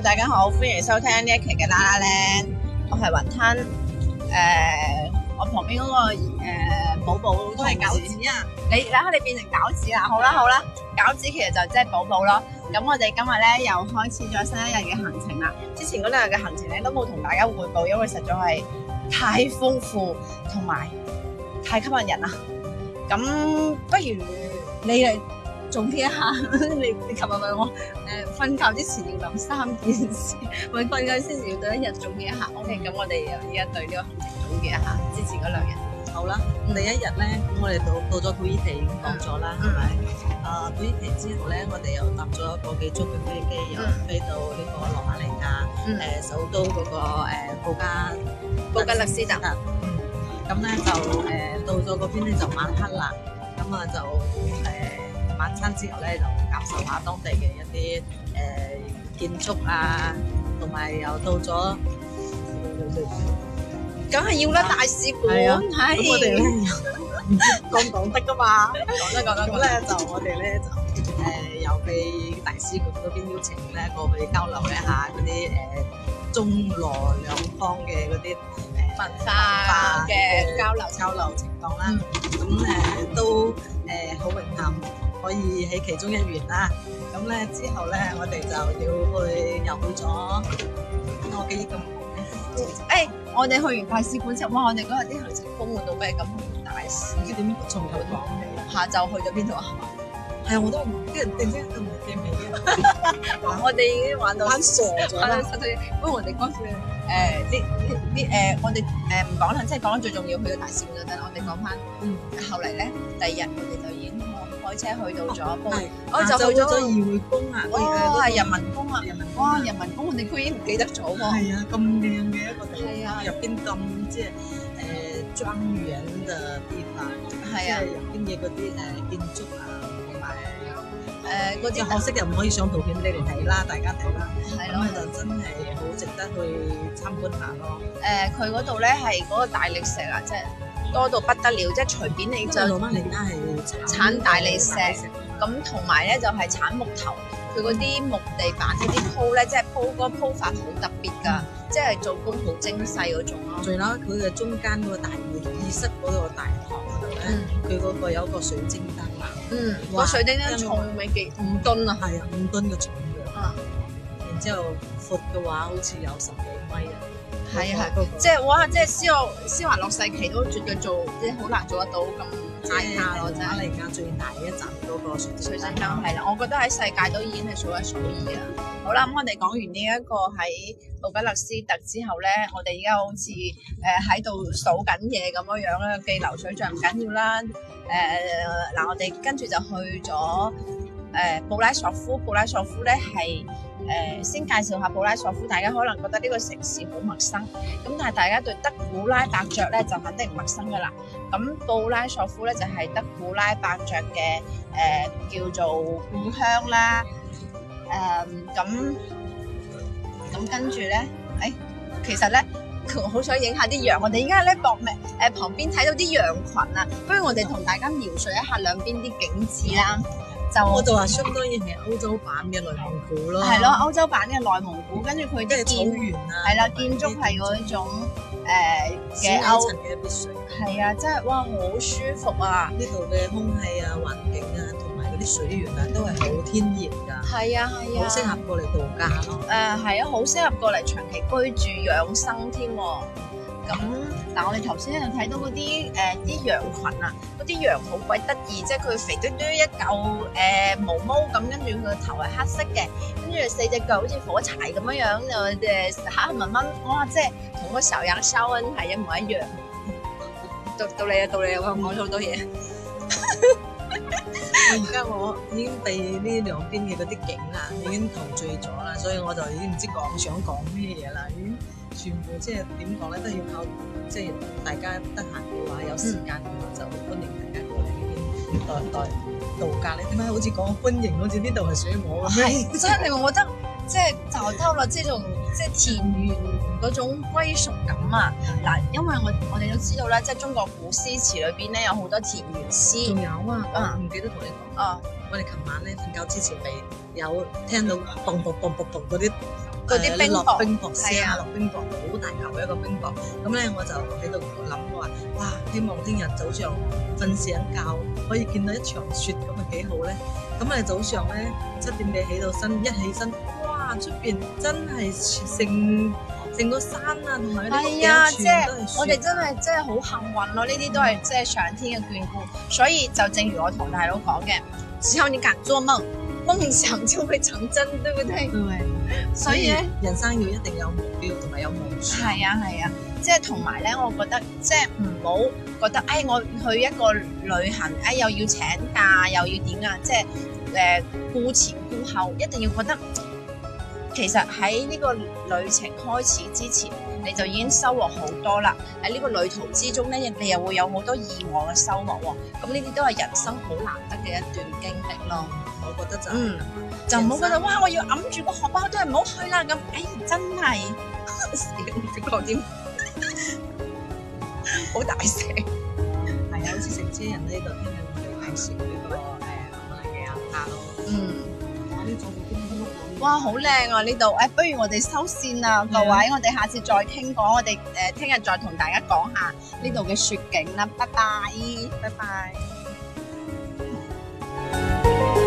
.大家好，歡迎收聽呢一期嘅啦啦咧，我係雲吞，誒，我旁邊嗰個誒寶寶都係餃子啊，你啦，你變成餃子啦，好啦好啦，餃子其實就即係寶寶咯，咁我哋今日咧又開始咗新一日嘅行程啦，之前嗰兩日嘅行程咧都冇同大家匯報，因為實在係太豐富同埋太吸引人啦，咁不如你嚟。總結一下，你你琴日問我，誒瞓覺之前要諗三件事，咪瞓覺之前要對一日總結一下，OK，咁我哋又而家對呢個行程總結一下之前嗰兩日。好啦，第一日咧，咁我哋到到咗土耳其已經講咗啦，係咪？啊，土耳其之後咧，我哋又搭咗一個幾鐘嘅飛機，又飛到呢個羅馬尼亞，誒，首都嗰個誒布加布加勒斯特，咁咧就誒到咗嗰邊咧就晚黑啦，咁啊就誒。晚餐之後咧，就感受下當地嘅一啲誒建築啊，同埋又到咗，梗係要啦，大使館係咁，我哋咧講講得㗎嘛，講得講得，咁咧就我哋咧就誒由佢大使館嗰邊邀請咧過去交流一下嗰啲誒中羅兩方嘅嗰啲誒文化嘅交流交流情況啦，咁誒都誒好榮幸。可以喺其中一員啦，咁、嗯、咧之後咧，我哋就要去遊咗。啊、記我記憶咁好，誒，我哋去完大使館之後，哇！我哋嗰日啲行程豐富到咩咁？大使，點仲有堂。下晝去咗邊度啊？係啊，我都唔知人哋啲咁嘅味嘅。嗱，我哋已經玩到玩傻咗啦。不過我哋講先，誒啲啲啲誒，我哋誒唔講啦，即係講咗最重要佢嘅大事嗰陣，我哋講返。嗯。後嚟咧，第二日我哋就已經開車去到咗。唔係，我哋到咗咗二會宮啊！哦，我而家都係人民宮啊！人民宮，人民宮，我哋居然唔記得咗喎。係啊，咁靚嘅一個地方，入邊咁即係誒莊園嘅地方，即係跟住嗰啲誒建築啊。係，誒嗰只可惜就唔可以上圖片俾你哋睇啦，大家睇啦，咁啊就真係好值得去參觀下咯。誒，佢嗰度咧係嗰個大理石啊，即係多到不得了，即係隨便你就攞乜嚟都係產大理石，咁同埋咧就係產木頭，佢嗰啲木地板嗰啲鋪咧，即係鋪嗰鋪法好特別㗎，即係做工好精細嗰種咯。最撚，佢嘅中間個大會議室嗰個大。佢嗰、嗯、個有一個水晶燈啊，嗯，個哇水晶燈重咪跟幾五噸啊，係啊，五噸嘅重量，嗯、然之後闊嘅話好似有十幾米。係啊係，即係哇！即係施華洛世奇都絕對做，即係好難做得到咁大下咯，就係而家最大嘅一集嗰個水晶燈，係啦，我覺得喺世界都已經係數一數二啊！好啦，咁我哋講完呢一個喺奧比勒斯特之後咧，我哋而家好似誒喺度數緊嘢咁樣樣啦，記流水帳唔緊要啦。誒嗱，我哋跟住就去咗誒布拉索夫，布拉索夫咧係，誒、呃，先介紹下布拉索夫，大家可能覺得呢個城市好陌生，咁但係大家對德古拉伯爵咧就肯定唔陌生噶啦。咁布拉索夫咧就係德古拉伯爵嘅誒、呃、叫做故鄉啦。誒、呃，咁咁跟住咧，誒、欸，其實咧，我好想影下啲羊。我哋而家咧搏命，誒旁邊睇到啲羊群啊，不如我哋同大家描述一下兩邊啲景致啦。就我就話，相當於係歐洲版嘅內蒙古咯。係咯，歐洲版嘅內蒙古，跟住佢啲係草原啊，係啦的，建築係嗰種幾層嘅別墅。係啊，真係哇，好舒服啊！呢度嘅空氣啊、環境啊，同埋嗰啲水源啊，都係好天然㗎。係啊，係啊，好適合過嚟度假咯。誒的，係啊，好適合過嚟長期居住養生添、啊、喎。咁嗱，我哋頭先呢就睇到嗰啲誒啲羊群啊，嗰啲羊好鬼得意即係，佢肥嘟嘟一嚿誒毛毛咁，跟住佢頭係黑色嘅，跟住四隻腳好似火柴咁樣樣，就誒黑蚊蚊，哇，即係同個小羊燒嗰啲係一模一樣。到到你啊，到你啊，我講咗好多嘢。而家我已經被呢兩邊嘅嗰啲景啊，已經陶醉咗啦，所以我就已經唔知講想講咩嘢啦。已經全部即係點講咧，都要靠即係大家得閒嘅話，有時間嘅話，嗯、就歡迎大家過嚟呢邊代代度假，你點解好似講歡迎好似呢度係屬於我啊？係 真係，我覺得即係偷到即係仲。即係田園嗰種歸屬感啊！嗱，因為我我哋都知道咧，即係中國古詩詞裏邊咧有好多田園詩。仲有啊！唔記得同你講。啊、嗯！我哋琴晚咧瞓覺之前咪有聽到嘣嘣嘣嘣嘣嗰啲啲冰雹聲，係、哎、啊，落冰雹好大嚿嘅一個冰雹。咁咧我就喺度諗話，哇！希望聽日早上瞓醒覺可以見到一場雪咁，咪幾好咧？咁我哋早上咧七點幾起到身，一起身。出邊真係成成個山啊，同埋啲屋企全部都係雪，哎，就是，我哋真係真係好幸運咯！呢啲都係即係上天嘅眷顧，所以就正如我同大佬講嘅， 只要你敢做夢，夢想就會成真，對唔對？ 對，所以，所以人生要一定有目標同埋有夢想。係啊係啊，即係同埋咧，我覺得即係唔好覺得，哎，我去一個旅行，哎，又要請假，又要點啊，即係誒、呃、顧前顧後，一定要覺得。其實喺呢個旅程開始之前，你就已經收穫好多啦。喺呢個旅途之中咧，你又會有好多意外嘅收穫喎。咁呢啲都係人生好難得嘅一段經歷咯。我覺得就是嗯、就唔好覺得生哇，我要揞住個荷包都係唔好去啦咁。哎，真係少咗啲，好 經病 大聲聲，係啊， 好似成車人呢度，因為少呢個誒咁樣嘅壓差咯。嗯。 嗯哇，好靚啊呢度！誒、哎，不如我哋收線啦，各位 Yeah.，我哋下次再傾講，我哋誒聽日再同大家講下呢度嘅雪景啦，拜拜，拜拜。拜拜